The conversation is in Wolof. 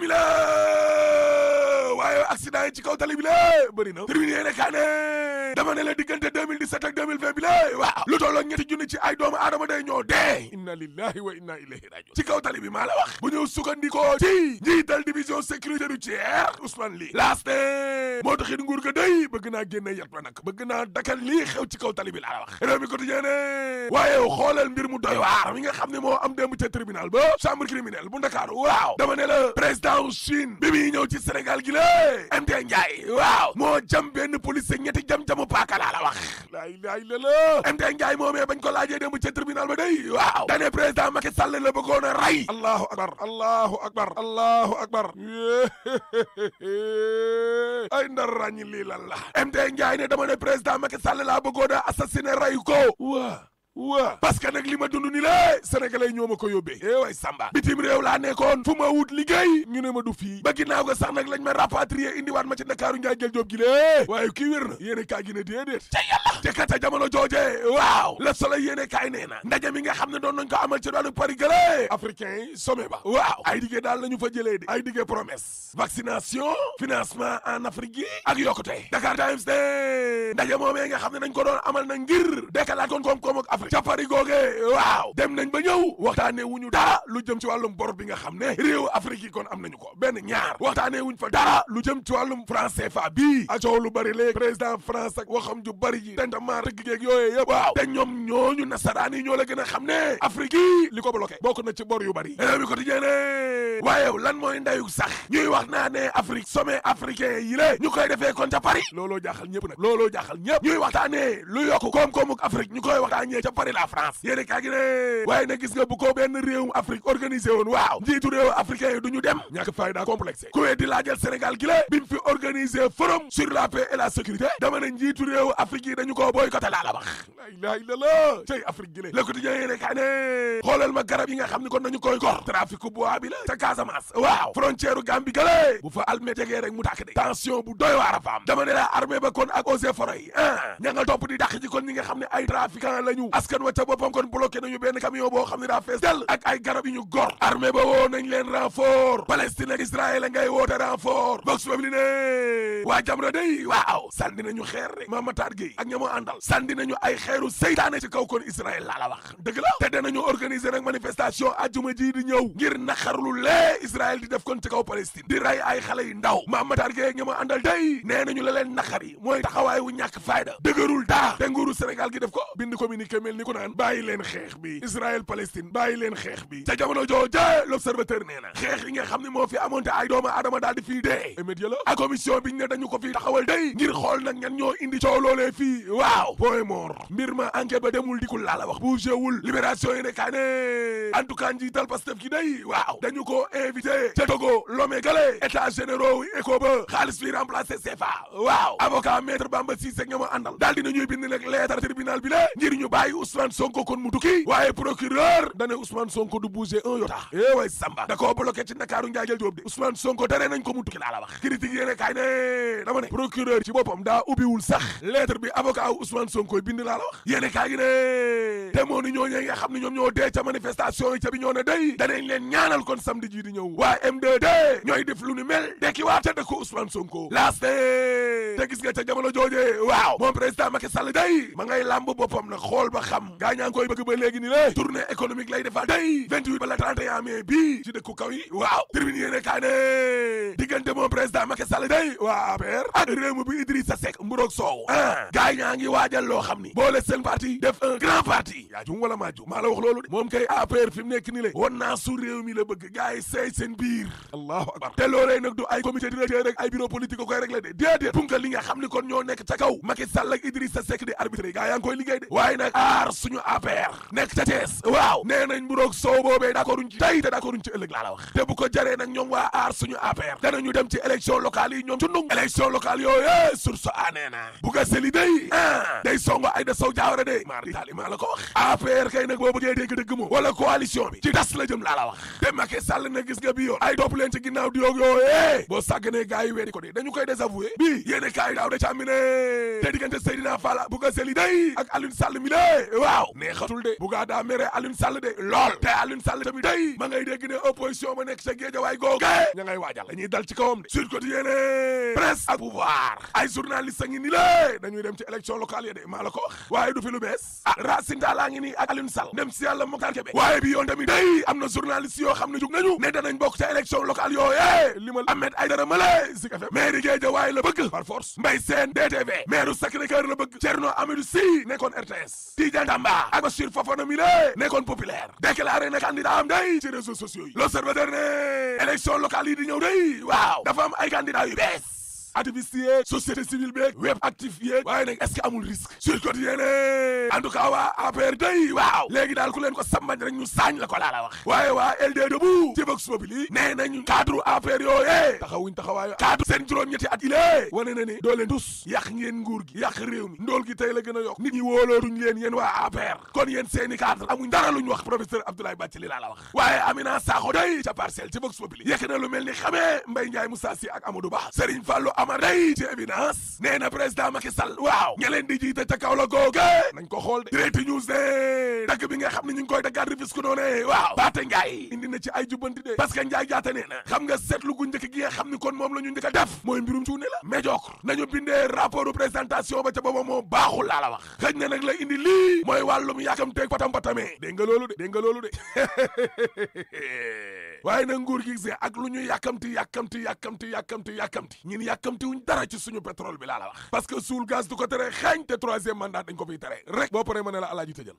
similaire ci kaw tali bëri na terminé yéene dama ne la diggante 2017 ak 2020 bi lée waaw lu tolloo ñetti junni ci ay doomu aadama day ñoo dee inna lillahi wa inna ilayhi rajiun ci kaw tali bi maa la wax bu ñu sukkandikoo ci njiital division sécurité routière Ousmane Ly laaste moo taxit nguur ga day bëgg naa génne yat ba nag bëgg naa dakal lii ci kaw tali bi laa la wax réew mi quotidien ne waaye xoolal mbir mu doy waar mi xam ne moo am démb ca tribunal ba chambre criminelle bu Ndakaaru waaw dama ne la président Chine Ndiaye Ndiaye waaw moo jam benn police ñetti jam-jamu paaka laa la wax laay laay la la MD Ndiaye moomee bañ ko laajee démb ca tribunal ba day waaw dane président Macky Sall la bëggoon a rey allahu akbar allahu akbar allahu akbar ay ndar ràññi lii lan la MD Ndiaye ne dama ne président Macky Sall laa bëggoon a assassiné rey ko waaw waa parce que nag li ma dund ni la sénégalais ñoo ma ko yóbbee eh way samba bitim réew laa nekkoon fu ma wut liggéey ñu ne ma du fii ba ginnaaw ga sax nag lañ ma rapatrier indiwaat ma ci ndakaaru njaay jël joob gi lée waaye kii wér na yéene kaa gi ne déedéet te yàlla te kat jamono jooje waaw Le Soleil yéene kaay nee ndaje mi nga xam ne doon nañ ko amal ci daalu Paris gële africain sommet ba waaw ay diggee daal la ñu fa jëlee de ay diggee promesse vaccination financement en Afrique yi ak yokkute mi capari googee waaw dem nañ ba ñëw waxtaane wuñu dara lu jëm ci wàllum bor bi nga xam ne réew Afrique kon am nañu ko benn ñaar waxtaane wuñ fa dara lu jëm ci wàllum franc CFA bii ak coow lu bari léegi président France waxam ju bari ji tentamment rëgg geeg yooyee yëpp waaw te ñoom ñooñu nasaraan ñoo la gën a xam ne Afrique yi li ko bloqué bokk na ci bor yu bari réew mi quotidien ne waaye lan mooy ndayuk sax ñuy wax naa ne Afrique yi lée ñu koy defee pare la France yéene kaa gi ne waaye na gis nga bu ko benn réewum Afrique organisé woon waaw njiitu réew africain yi du ñu dem ñàkk fayda complexe kuwee di laajal Sénégal gi la fi organisé forum sur la paix et la sécurité dama njiitu réew Afrique yi dañu koo boycotté laa la wax la ilaha illallah tey Afrique gi la le quotidien yéene kaa ne xoolal ma garab yi nga xam ne kon nañu koy gor trafic bois bi la Casamance waaw frontière u Gambie gële bu fa almet jegee rek mu a askan wa ca boppam kon bloqué nañu benn camion boo xam ne daa fees dell ak ay garab yu ñu gor armée ba woo nañ leen renfort Palestine ak Israël a ngay woote renfort box fam li ne waa Jamra day waaw sànni nañu xeer de Mame Matar Gueye ak ñamoo àndal sànni nañu ay xeeru seytaane ci kaw kon Israël laa la wax dëgg la te danañu organiser nag manifestation ajuma ji di ñëw ngir naqarlu lee Israël di def kon ci kaw Palestine di rey ay xale yu ndaw Mame Matar Gueye ak ñamoo àndal day nee nañu la leen naqar wu ñàkk fayda dëgërul daa te nguuru Sénégal gi def mel ni ku naan bàyyi leen xeex bi Israël Palestine bàyyi leen xeex bi ca jamono jooje l'observateur nee xeex yi nga xam ne moo fi amoonte ay doomu aadama daal di fii dee émédi la ak commission biñ ne dañu ko fii taxawal day ngir xool nag ñan ñoo indi coow loolee waaw point mort mbir ma enquête ba demul di laa la wax bougéwul libération yi nekkaa ne en tout cas njiital Pastef ki day waaw dañu ko invité ca Togo Lomé gale états généraux yi éco ba xaalis fii remplacé CFA Ousmane Sonko kon mu tukki waaye procureur dane Ousmane Sonko du bouger un yota eh way Samba da koo bloqué ci Ndakaaru njaajël Joob de Ousmane Sonko tere nañ ko mu tukki laa la wax critique yéene kaay ne dama ne procureur ci boppam daa ubbiwul sax lettre bi avocat wu Ousmane Sonko bind laa la wax yéene kaay gi ne demoo ni ñoo ñee nga ñoom ñoo dee ca manifestation yi ca bi ñoo day danañ leen ñaanal kon samedi ji di ñëw waa M2D ñooy def lu ni mel dekki waa ca dëkk Ousmane Sonko laas te gis nga ca ma ngay làmb boppam nag xam gaa ñaa ngi koy bëgg ba léegi ni la tournée économique lay defal day 28 ba la 31 mai bii ci dëkku kaw waaw tribune yéene kaa diggante moom président Macky Sall day waa APR ak réew bi Idrissa Seck mburoog soow ah gaa ñaa ngi waajal loo xam ni boole seen parti def un grand parti yaa jum wala maa jum maa la wax loolu de moom kay APR fi nekk ni le won naa su réew mi la bëgg gaa yi seey biir allahu akbar te loolee du ay comité directeur rek ay bureau nga xam ni kon ñoo nekk ca kaw Macky Sall ak Idrissa Seck waaye nag ah. jaar suñu affaire nekk ca Thiès waaw nee nañ mburoog soow boobee d'accord ci tey te d'accord ci ëllëg laa la wax te bu ko jaree nag ñoom waa aar suñu affaire danañu dem ci élection locale yi ñoom ci ndung élection locale yooyu source a nee na bu ko seli day ah day songo ay da sow jaawara de maar la ko wax kay nag boo bëggee dégg dëgg mu wala coalition bi ci tas la jëm laa la wax te Macky Sall na gis nga ay topp leen ci ginnaaw di yoog boo sàgganee waaw nee xatul de bugaa daa mere Alioune Sall de lool te Alioune Sall tamit day ma ngay dégg ne opposition ba nekk sa géejawaay googu ña ngay waajal dañuy dal ci kawam de Sud Quotidien presse ak pouvoir ay journaliste a ngi ni lé dañuy dem ci élection locale ya de maa waaye du fi lu bees ah ngi nii ak Alioune Sall si yàlla Moctar Kébé waaye bi yoon tamit day am na journaliste yoo xam ne jug nañu ne danañ bokk ca élection locale yooyee li ma Ahmed Aïdara Malé de Tamba ak Bassirou Fofana mi lé nekkoon populaire déclaré na candidat am day ci réseaux sociaux yi ne élection locale di ñëw day waaw dafa am ay candidat yu bees activiste yeeg société civile beeg web actif yeeg waaye nag est-ce que amul risque sur côté yéene en tout cas waa APR day waaw léegi daal ku leen ko sambañ rek ñu saañ la ko laa la wax waaye waa LD debout ci Vox Populi nee nañu cadre APR yooyee taxawuñ taxawaayo cadre seen juróom-ñetti at ilee wane na ni doo leen tus yàq ngeen nguur gi yàq réew ndool gi tey la gën a yokk nit ñi wóolootuñ leen yéen waa APR kon yéen seeni cadre amuñ dara luñ wax professeur Abdoulaye Bathily laa la wax waaye Amina Sakho day ca parcelle ci Vox Populi yekk na lu mel ni Amar day ci évidence nee na président Macky Sall waaw ña leen di ca kaw la googe nañ ko xool de direct news de dagg bi nga xam ne ñu ngi koy daggaat rifis ku noone waaw baate ngaay indi na ci ay jubbanti de parce njaay jaate nee xam nga seetlu gu njëkk gi nga xam ni kon moom la ñu njëkk a def mooy mbirum cuune la médiocre nañu bindee rapport présentation ba ca booba moom baaxul laa la wax xëj na la indi lii mooy wàllum yàkkamteeg patam-patamee dégg nga loolu de dégg nga loolu de waaye nag nguur gi see ak lu ñu yàkkamti yàkkamti yàkkamti yàkkamti yàkkamti ñin tiwuñ wuñ ci suñu pétrole bi laa la wax parce que suul gaz du ko tere xeeñ te troisième mandat dañ ko fiy tere rek boo paree ma ne la alaaji tëjal